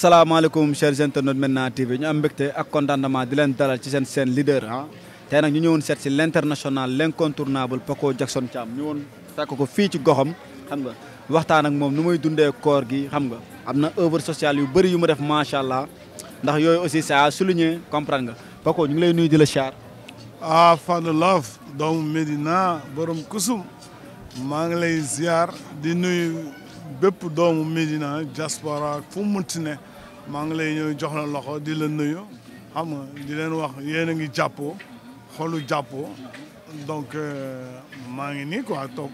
salaamaaleykum chers internautes Médina TV ñu am mbégte ak contentement di leen dalal ci seen seen leader ah tey nag ñu ñëwoon seet si l' international poko incontournable Paco Jackson Thiam ñu woon fekk ko fii ci goxam xam nga waxtaan ak moom nu muy dundee koor gi xam nga am na œuvre sociale yu bëri yu mu def macha allah ndax yooyu aussi ça a souligné comprendre nga Paco ñu ngi lay nuy di la char ah Fadou Love doomu Médina borom kusum maa ngi lay ziar di nuyu bépp doomu Médina diaspora fu mu mënti ne maa ngi lay ñëw jox la loxo di la nuyu xam nga di leen wax yéen a ngi jàppoo xolu jàppoo donc euh, maa ngi nii quoi toog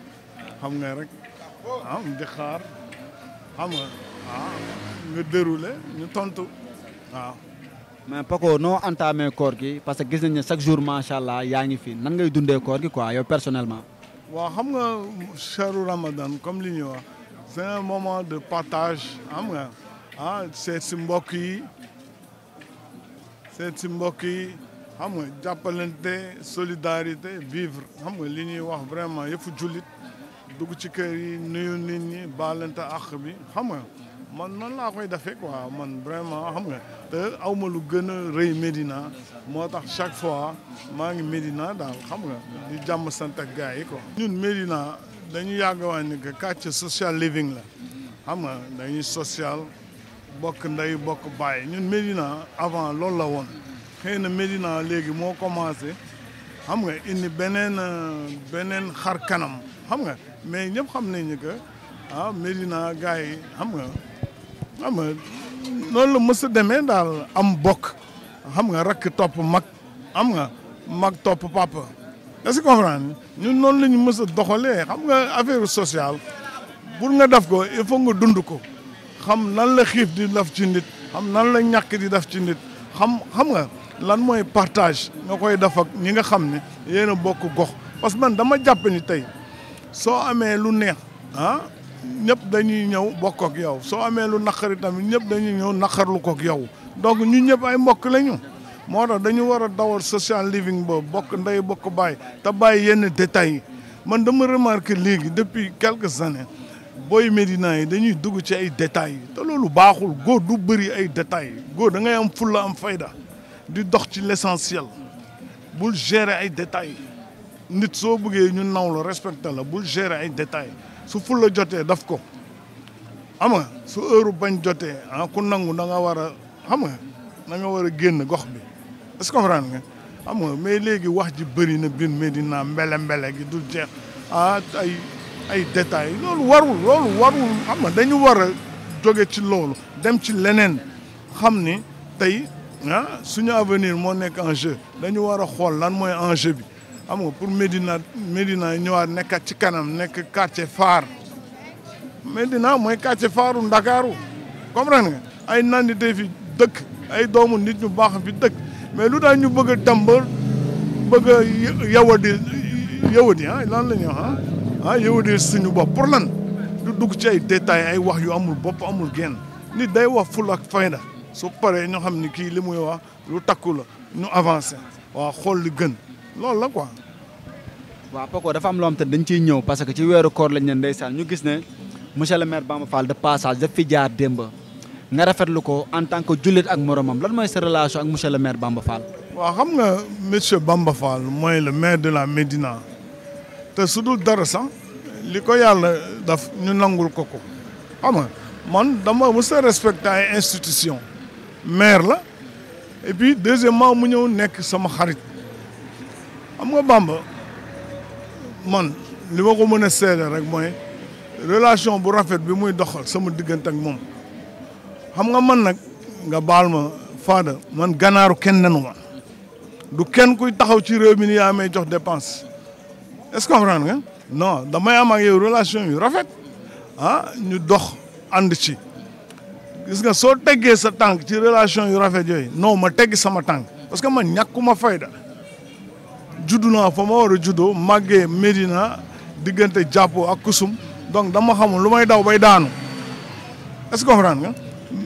xam nga rek ah di xaar xam nga ah ñu tontu waaw. mais Paco noo entamé koor gi parce que gis nañ ne chaque jour macha allah yaa ngi fi nan ngay dundee koor gi quoi yow personnellement. waaw xam nga cheru Ramadan comme li ñuy wax. c'est moment de partage am nga a seet si mbokk yi seet si mbokk yi xam ah, nga jàppalante solidarité vivre xam ah, nga li ñuy wax vraiment yëfu julit dugg ci kër yi nuyu nit ñi baalante àq bi xam ah, nga man noonu laa koy defee quoi man vraiment xam nga te aw ma lu gën a rëy Médina moo tax chaque fois maa ngi Médina daal xam nga di jàmm sant ak gars yi quoi. ñun dañu yàgg wax ni que quartier social living la xam nga dañuy social bokk ndey bokk baay ñun Médina avant loolu la woon xëy na Médina léegi moo commencé xam nga indi beneen beneen xar kanam xam nga mais ñëpp xam nañ ni que ah Médina gars yi xam nga xam nga noonu la mës demee daal am bokk xam nga rakk topp mag xam nga mag topp papa est-ce que comprendre ñun noonu la ñu mës doxalee xam nga affaire sociale pour nga def ko il faut nga dund ko xam nan la xiif di def ci nit xam nan la ñàkk di def ci nit xam xam nga lan mooy partage nga koy def ak ñi nga xam ni yéen a bokk gox parce man dama jàpp ni tey soo amee lu neex ah ñëpp dañuy ñëw bokk ak yow soo amee lu naqari tamit ñëpp dañuy ñëw naqarlu ko ak yow donc ñu ñëpp ay mbokk lañu moo tax dañu war a dawal social living boobu bokk ndey bokk bàyyi te bàyyi yenn détails yi man dama remarqué léegi depuis quelques années booy Médina yi dañuy dugg ci ay détails yi te loolu baaxul góor du bëri ay détay yi góor da ngay am fulla am fayda di dox ci l'essentiel bul gérer ay détails nit soo buggee ñu nawlu la respecté la bul gérer ay détails su fulla jotee daf ko xam su heure bañ jotee ah ku nangu da nga war a xam nga da nga war a génn gox bi est-ce que nga xam nga mais léegi wax ji bëri na bin Médina mbele mbele gi du jeex ah ay ay détails loolu warul loolu warul xam nga dañu war a jóge ci loolu dem ci leneen xam ni tey ah suñu avenir moo nekk en dañu war a xool lan mooy enjeu bi xam nga pour Médina Médina ñëwaat nekkat ci kanam nekk quartier phare Médina mooy quartier phare u Ndakaaru comprendre nga ay nandite fi dëkk ay doomu nit ñu baax fi dëkk mais lu tax ñu bëgg a tàmbal bëgg yawadi yawadi ah, lan la ñu ah? ah yawadi suñu bopp pour lan lu dugg ci ay détails ay wax yu amul bopp amul genn nit day wax ful ak fayda su paree ñoo xam ni kii li muy wax lu takku la ñu avancé waaw xool li gën loolu la quoi. waaw Paco dafa am loo xam te dañ ciy ñëw parce que ci weeru koor lañ leen ndeysaan ñu gis ne monsieur le maire Bamba Fall de passage fi jaar démb. nga rafetlu ko en tant que jullit ak moromam lan mooy sa relation ak monsieur le maire Bamba Fall. waaw xam nga monsieur Bamba Fall mooy le maire de la Médina te su dul dara sax li ko yàlla daf ñu nangul ko ko xam nga man dama mës a respecté ay institution maire la et puis mu ñëw nekk sama xarit xam nga Bamba man li ma ko mën a seede rek mooy relation bu rafet bi muy doxal sama diggante ak moom. xam nga man nag nga baal ma faada man ganaaru kenn nenu ma du kenn kuy taxaw ci réew mi ni yaa may jox dépense est-ce que comprendre nga non damay am ak yow relation yu rafet ah ñu dox ànd ci gis nga soo teggee sa tànk ci relation yu rafet yooyu non ma teggi sama tànk parce que man ñàkkuma fayda judu na fa ma war a juddoo màggee Médina diggante jàppoo ak kusum donc dama xamul lu may daw bay daanu est-ce que nga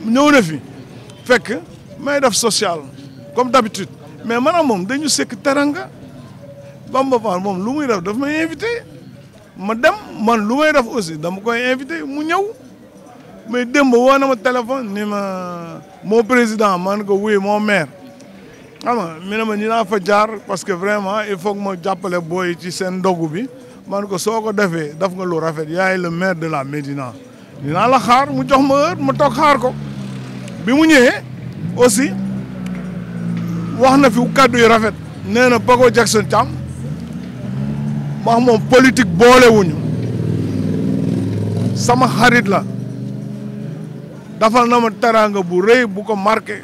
ñëw na fi fekk may def social comme d'habitude mais maanaam moom dañu sekk teranga Bamba Fall moom lu muy def daf may ma dem man lu may def aussi dama ko invité mu ñëw mais démb woo na ma téléphone ni ma moo président man ko wuy moo maire xam nga mi ne ma ñu naa fa jaar parce que vraiment il faut que ma jàppale booy ci seen ndogu bi man ko soo ko defee daf nga lu rafet ya yaay le maire de la Médina dinaa la xaar mu jox ma heure ma toog xaar ko bi mu ñëwee aussi wax na fi kàddu yu rafet nee na Pago Jackson Thiam wax moom politique boolewuñu sama xarit la dafal na ma teraanga bu rëy bu ko marqué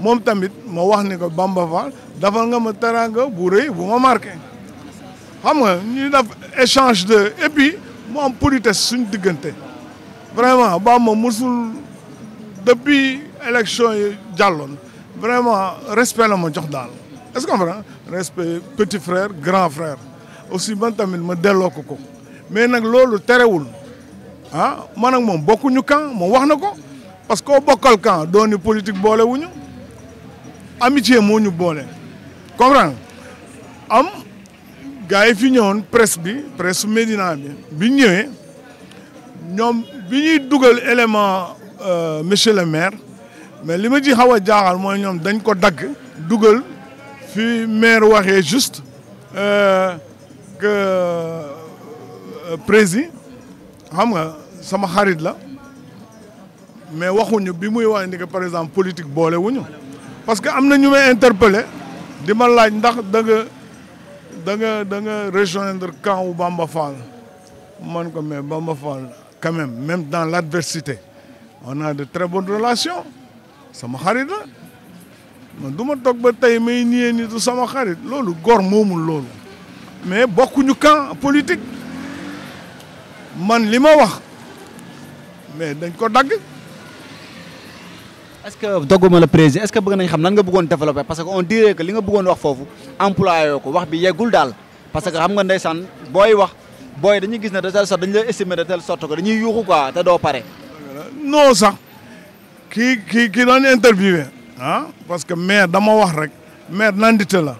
moom tamit ma wax ni ko Bamba Fall dafal nga ma teraanga bu rëy bu ma marqué xam nga ñu def échange de et puis mu suñ diggante vraiment Bamba musul depuis élection yi jàlloon vraiment respect la ma jox daal es ce que comprend respect petit frère grand frère aussi man tamit ma delloo ko ko mais nag loolu terewul ah man ak moom bokkuñu camp moom wax na ko parce que koo bokkal camp dooni politique boole wuñu amitié moo ñu boole comprendre am gars yi fi ñëwoon presse bi presse Médina bi bi ñëwee ñoom bi ñuy dugal élément euh, monsieur le maire mais li ma ji xaw a jaaxal mooy ñoom dañ ko dagg dugal fi maire waxee juste euh, que euh, président xam nga sama xarit la mais waxuñu bi muy wax ni par exemple politique boole wuñu parce que am na ñu may interpellé di ma laaj ndax da nga da nga da nga rejoindre camp wu Bamba Fall man ko mais Bamba Fall quand même même dans l'adversité on a de très bonnes relations sama xarit la man du ma toog ba tey may niyee ni sama xarit loolu góor moomul loolu mais bokkuñu camp politique man li ma wax mais dañ ko dagg est-ce que dogguma la président est-ce que nañ xam nan nga bëggoon développer parce que on dirait que li nga bëggoon wax foofu employé yoo ko wax bi yeggul daal parce que xam nga ndeysaan booy wax booy dañuy gis ne de telle sorte dañu lay estimer de telle sorte que dañuy yuuxu quoi te doo pare. non sax kii kii kii doon interviewé ah, parce que maire dama wax rek maire nandite la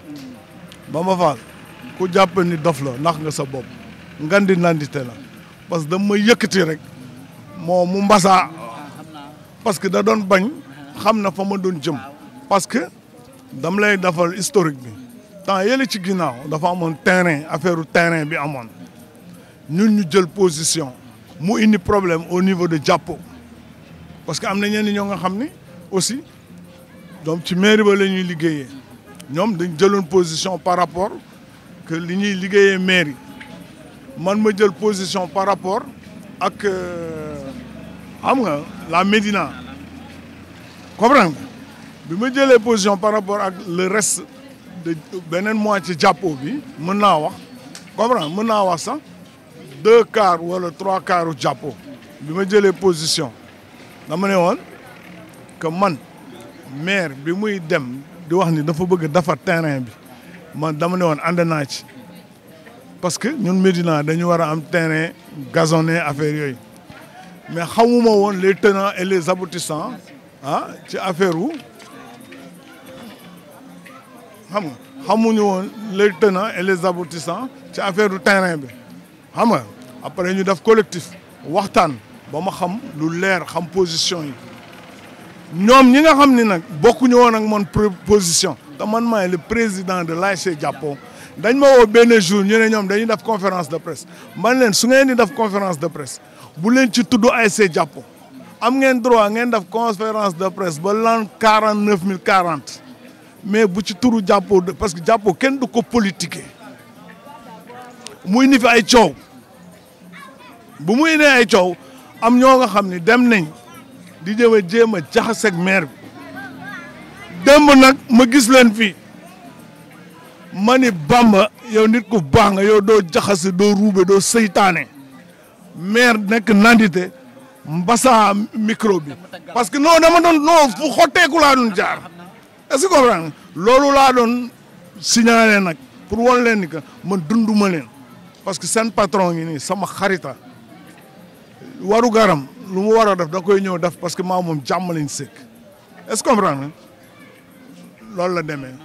ba ma Fall ku jàpp ni dof la ndax nga sa bopp ngan nandite la parce que dama yëkkati rek moo mu mbasa parce que da doon bañ xam na fa ma doon jëm parce que dam lay defal historique bi temps yële ci ginnaaw dafa amoon terrain affaire terrain bi amoon ñun ñu jël position mu indi problème au niveau de Diapo parce que am na ñenn ñoo nga xam ni aussi donc ci mairie ba la ñuy liggéeye ñoom dañ jëloon position par rapport que li ñuy liggéeyee mairie man ma jël position par rapport ak euh, xam nga la Médina comprendre bi ma jëlee position par rapport ak le reste de beneen moitié Diapo bi mën naa wax comprendre mën naa wax sax deux quarts wala trois quarts jàppo bi ma jëlee position dama ne woon que man maire bi muy dem di wax ni dafa bëgg dafa terrain bi man dama ne woon ànd naa ci parce que ñun Médina dañu war a am terrain gazonné affaire yooyu mais xamuma woon les tenants et les aboutissants ah ci affaire wu xam nga xamuñu woon les tenants et les aboutissants ci affaire du terrain bi xam nga après ñu def collectif waxtaan ba ma xam lu leer xam position yi ñoom ñi nga xam ni nag bokkuñu woon ak man position man maay le président de l'ASC Jàppo dañ ma woo benn jour ñu ne ñoom dañuy def conférence de presse man leen su ngeen di def conférence de presse bu leen ci tudd ASC Jàppo am ngeen droit ngeen def conférence de presse ba l'an quarante neuf mille quarante mais bu ci turu Jàppo parce que Jàppo kenn du ko politiquer muy ni ay cow bu muy ne ay coow am ñoo nga xam ne dem nañ di jëm a jéem a jaxaseeg maire bi dem ma nag ma gis leen fii ma ni Bamba yow nit ku baax nga yow doo jaxase doo ruube doo seytaane maire nekk nandite mbasa micro bi parce que non dama doon fu xotteeku laa doon jaar est-ce que comprendre loolu laa doon signaler nag pour won leen ni que man dunduma leen parce que seen patron ngi nii sama xarita waru garam lu mu war a def da koy ñëw def parce que maa moom jàmm lañ sëkk est-ce que comprendre loolu la demee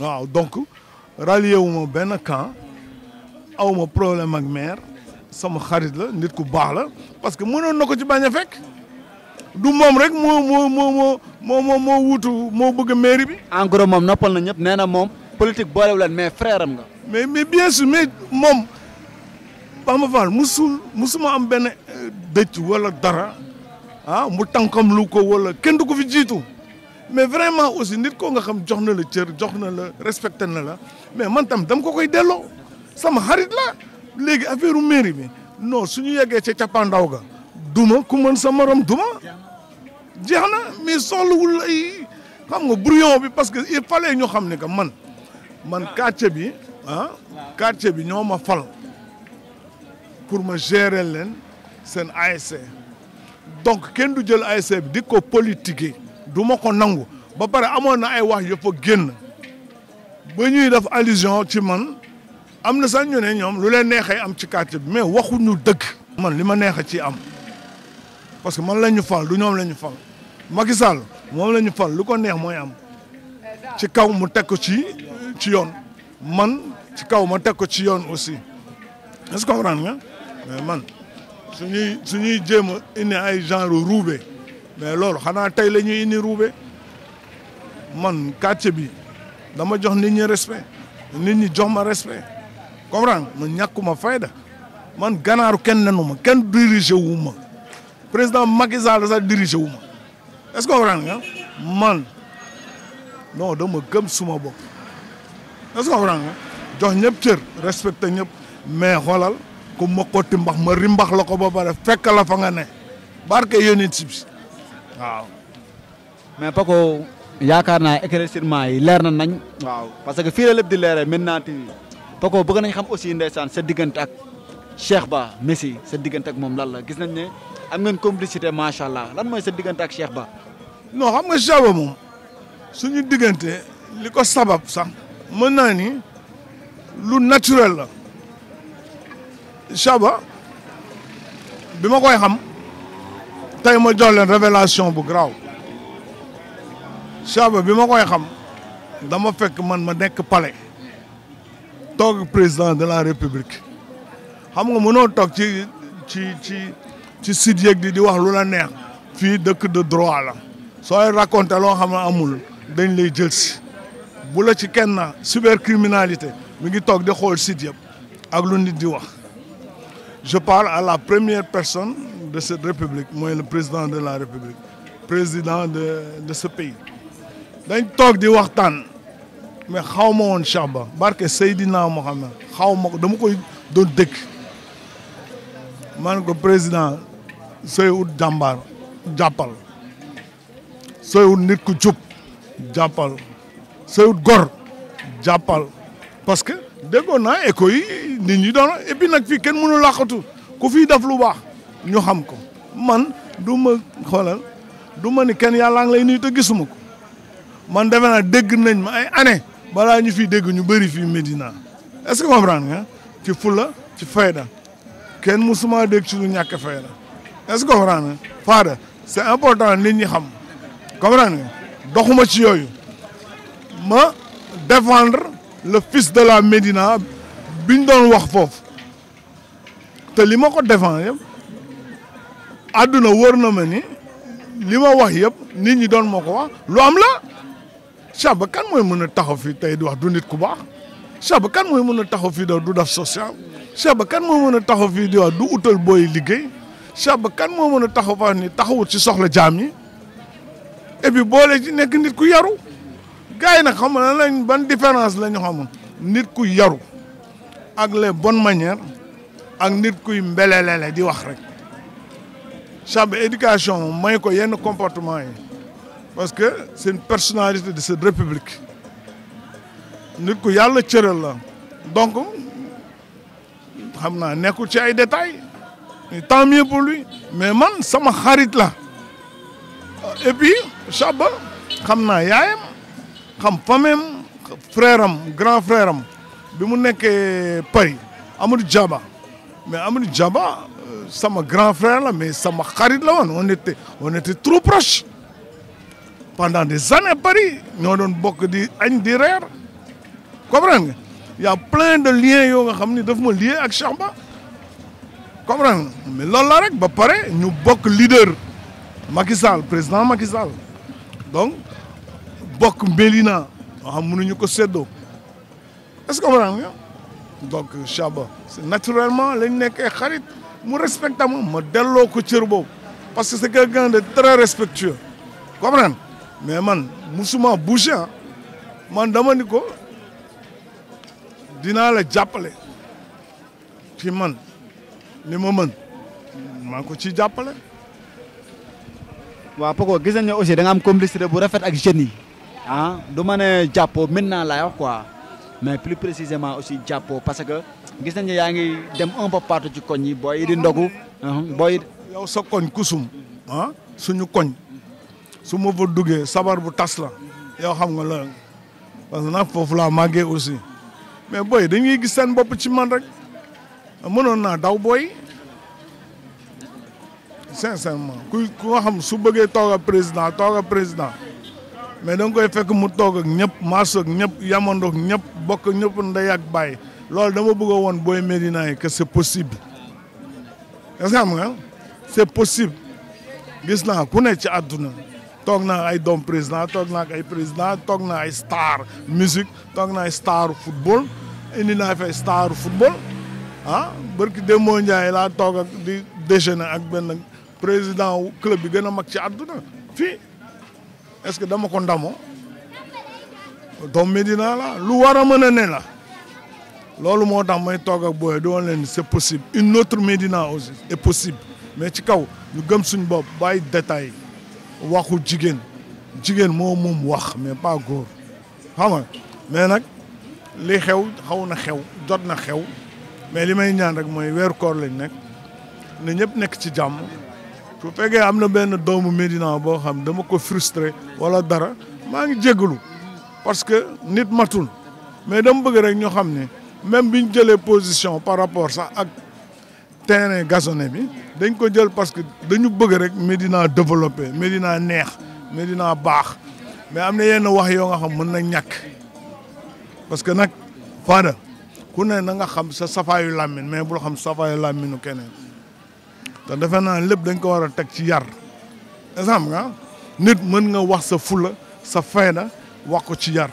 waaw donc rallié wu ma benn camp aw problème ak maire sama xarit la nit ku baax la parce que mënoon na ko ci bañ a fekk du moom rek moo moo moo moo moo wutu moo wuutu moo bi. en moom noppal na ñëpp nee na moom politique boolewu leen mais frère am nga. mais mais bien sûr mais moom Bamba Fall musul musuma am benn. dëj wala dara ah mu tànkam lu ko wala kenn du ko fi jiitu mais vraiment aussi nit ko nga xam jox na la cër jox na la respecté na la mais man tam dam ko koy delloo sama xarit la léegi affaire mairie bi su ñu yeggee ca cappaandaw ga duma ku mën sa morom duma jeex na mais soxlawul ay xam nga brouillon bi parce que il fallait ñu xam ne que man man quartier bi ah quartier bi ñoo ma fal pour ma gérer leen seen ASC donc kenn du jël ASC bi di ko politiquer du ma ko nangu ba pare amoon na ay wax yëpp a génn ba ñuy def allusion ci man am na sax ñu ne ñoom lu leen neexee am ci quartier bi mais waxuñu dëkk man li ma neex ci am parce que man la ñu fal du ñoom la ñu fal Macky Sall moom la ñu fal lu ko neex mooy am ci kaw mu teg ko ci ci yoon man ci kaw ma teg ko ci yoon aussi est-ce que comprendre nga man. suñuy suñuy jéem a indi ay genre ruube mais loolu xanaa tey la ñuy indi ruube man quartier bi dama jox nit ñi respect nit ñi jox ma respect comprendre man ñàkkuma fayda man ganaaru kenn nenu ma kenn dirigé wu ma président Macky Sall sax dirigé wu ma est-ce que nga man non dama gëm suma bopp est-ce que nga jox ñëpp cër respecté ñëpp mais xoolal ku ma xotti mbax ma rimbax mbax loko ba pare fekk la fa nga ne barke yónit si waaw mais Paco yaakaar naa éclaircissement yi leer na nañ waaw parce que fii la lépp di leeree maintenant tamit poko bëgg nañ xam aussi ndeysaan sa diggantaak ak Cheikh Ba Messi sa diggante moom lan la gis nañ ne am ngeen complicité macha allah lan mooy sa diggante ak Cheikh Ba non xam nga Cheikh Ba moom suñu diggante li ko sabab sax mën naa ni lu naturel la Chaba bi ma koy xam tey ma jox leen révélation bu garaaw Chaba bi ma koy xam dama fekk man ma nekk pale toog président de la république xam nga mënoo toog ci ci ci ci site yeeg di di wax lu la neex fii dëkk de droit la sooy raconté loo xam ne amul dañ lay jël si bu la ci kenn cybercriminalité mi ngi toog di xool site yëpp ak lu nit di wax je parle à la première personne de cette république mooy le président de la république président de de ce pays. dañ toog di waxtaan mais xaw ma woon Cheikh Ba barke Seydina Mohamed xaw ma ko dama koy doon dëkk man ko président sooy ut jàmbaar jàppal sooy ut nit ku jub jàppal sooy ut gor jàppal que. déggoon na écho yi nit ñi doon et puis nag fii kenn mënu làqatu ku fi def lu baax ñu xam ko man du ma xoolal du ma ni kenn yàllaa ngi lay nuyu te gisuma ko man defe naa dégg nañ ma ay balaa ñu fi dégg ñu bëri fii Médina est-ce que comprendre nga ci fula ci fayda kenn musuma dégg ci lu ñàkk fayda est-ce que comprendre nga faada c'est important nit ñi xam comprendre nga doxuma ci yooyu ma défendre le fils de la Médina bi ñu doon wax foofu te li ma ko défend yëpp àdduna wóor na ma ni li ma wax yëpp nit ñi doon moko wax lu am la Chaba kan mooy mën a taxaw fii tey di wax du nit ku baax Chaba kan mooy mën a taxaw fii di wax du def social Chaba kan mooy mën a taxaw fii di wax du utal booy liggéey Chaba kan moo mën a taxaw faa ni taxawut ci soxla jaam yi et boole ji nekk nit ku yaru gars yi nag xam na lañ ban différence la ñu xam nit ku yaru ak les bonnes manière ak nit kuy mbelelele di wax rek champ éducation may ko yenn comportement yi parce que c'est une personnalité de cette république nit ku yàlla cëral la donc xam naa nekkul ci ay détails tant pour lui mais man sama xarit la et puis Chaba xam naa xam famem frère am grand frère bi mu nekkee Paris Amadou Diaba mais Amadou Diaba euh, sama grand frère la mais sama xarit la woon on était on était trop proche pendant des années Paris ñoo doon bokk di añ di reer comprendre nga plein de lien yoo nga xam ni daf ma lie ak Cheikh Ba comprendre nga mais loolu la rek ba pare ñu bokk leader Macky président Macky donc. bokk Mbélina moo xam mënuñu ko séddoo est-ce que comprendre nga donc Chaba naturellement lañ nekkee xarit mu respecté ma ma delloo ko cër boobu parce que c'est quelqu'un de très respectueux comprendre mais man musuma bouger man dama ko dinaa la jàppale ci man li ma mën maa ngi ko ci jàppale waaw Paco gis nañ ne aussi da nga am complicité bu rafet ak jeunes yi ah du ne jàppoo maintenant la wax quoi mais plus précisément aussi jàppoo parce que gis nañu yaa ngi dem un peu ci koñ yi booy yi di booy yi yow sa koñ kusum ah suñu koñ su ma fa duggee sabar bu tas la yow xam nga loolu parce que nag foofu laa màggee aussi mais booy dañuy gis seen bopp ci man rek mënoon naa daw booy sincèrement ku ku nga xam su bëggee toog a président toog a président. mais da nga fekk mu toog ak ñëpp maasoo ak ñëpp yamandoog ñëpp bokk ñëpp ndey ak bàyyi loolu dama bëgg a woon booy Médina yi que c'est possible est-ce que nga c'est possible gis naa ku ne ci àdduna toog naa ay doom président toog naa ay président toog naa ay star musique toog naa ay star football indi naa fi ay star football ah barki Demba Ndiaye laa toog ak di déjeuner ak benn président club bi gën a mag ci àdduna est-ce que dama kon ndamo doom Medina la lu war a mën a ne la loolu moo tax may toog ak booy di woon c'est possible une autre Médina aussi est possible mais ci kaw ñu gëm suñ bopp bàyyi détail waxu jigéen jigéen moo moom wax mais pas góor xam mais nag li xew xaw na xew jot na xew mais li may ñaan rek mooy weeru koor lañ nekk ne ñëpp nekk ci jàmm bu fekkee am na benn doomu Médina boo xam dama ko frustré wala dara maa ngi jégalu parce que nit matul mais damu bëgg rek ñu xam ne même bi jële jëlee position par rapport sax ak terrain gazonné bi dañ ko jël parce que dañu bëgg rek Médina développé Médina neex Médina baax mais am na yenn wax yoo nga xam mën na ñàkk parce que nag Fada ku ne na nga xam sa safaayu làmmiñ mais bul xam safaayu làmmiñu keneen. te defe naa lépp dañ ko war a teg ci yar exemple nga nit mën nga wax sa fula sa fayda wax ko ci yar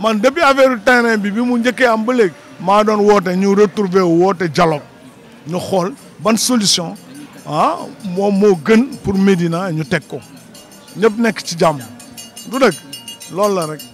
man depuis affaire terrain bi bi mu njëkkee am ba léeg maa doon woote ñu retrouver woote dialogue ñu xool ban solution ah moom moo gën pour Médina ñu teg ko ñëpp nekk ci jàmm du dëgg loolu la rek